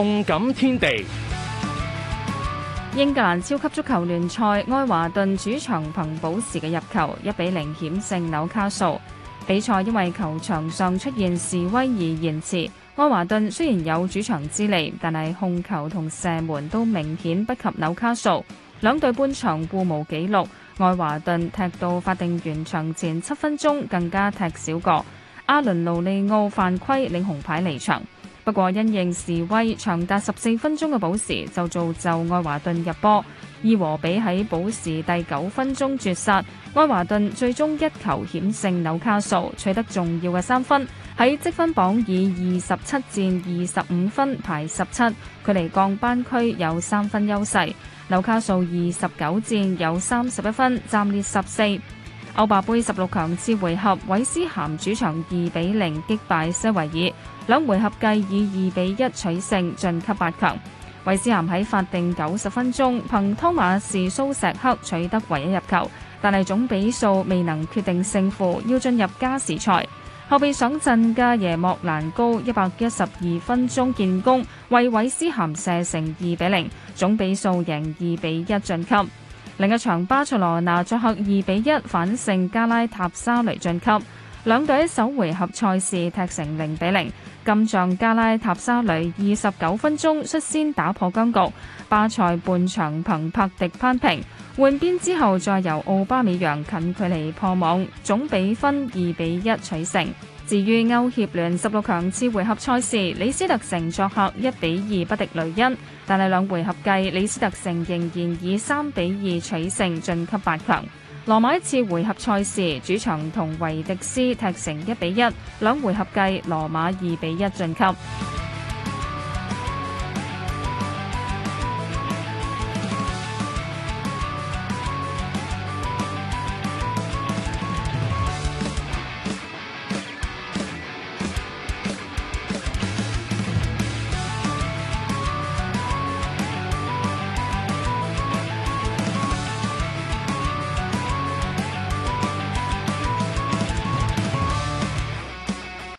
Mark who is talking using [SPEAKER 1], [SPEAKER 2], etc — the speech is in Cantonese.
[SPEAKER 1] 動感天地，英格蘭超級足球聯賽，愛華頓主場憑補時嘅入球一比零險勝紐卡素。比賽因為球場上出現示威而延遲。愛華頓雖然有主場之利，但係控球同射門都明顯不及紐卡素。兩隊半場互無紀錄，愛華頓踢到法定完場前七分鐘，更加踢少一個。阿倫盧利奧犯規領紅牌離場。不過因應示威，長達十四分鐘嘅補時就造就愛華頓入波，伊和比喺補時第九分鐘絕殺，愛華頓最終一球險勝紐卡素，取得重要嘅三分。喺積分榜以二十七戰二十五分排十七，距離降班區有三分優勢。紐卡素二十九戰有三十一分，暫列十四。歐霸盃十六強次回合，韋斯咸主場二比零擊敗西維爾，兩回合計以二比一取勝晉級八強。韋斯咸喺法定九十分鐘，憑湯馬士蘇石克取得唯一入球，但係總比數未能決定勝負，要進入加時賽。後備上陣嘅耶莫蘭高一百一十二分鐘建功，為韋斯咸射成二比零，總比數贏二比一晉級。另一場巴塞羅那作客二比一反勝加拉塔沙雷晉級，兩隊首回合賽事踢成零比零，今仗加拉塔沙雷二十九分鐘率先打破僵局，巴塞半場憑柏迪扳平，換邊之後再由奧巴美揚近距離破網，總比分二比一取勝。至於歐協聯十六強次回合賽事，李斯特城作客一比二不敵雷恩，但係兩回合計，李斯特城仍然以三比二取勝，晉級八強。羅馬一次回合賽事，主場同維迪斯踢成一比一，兩回合計羅馬二比一晉級。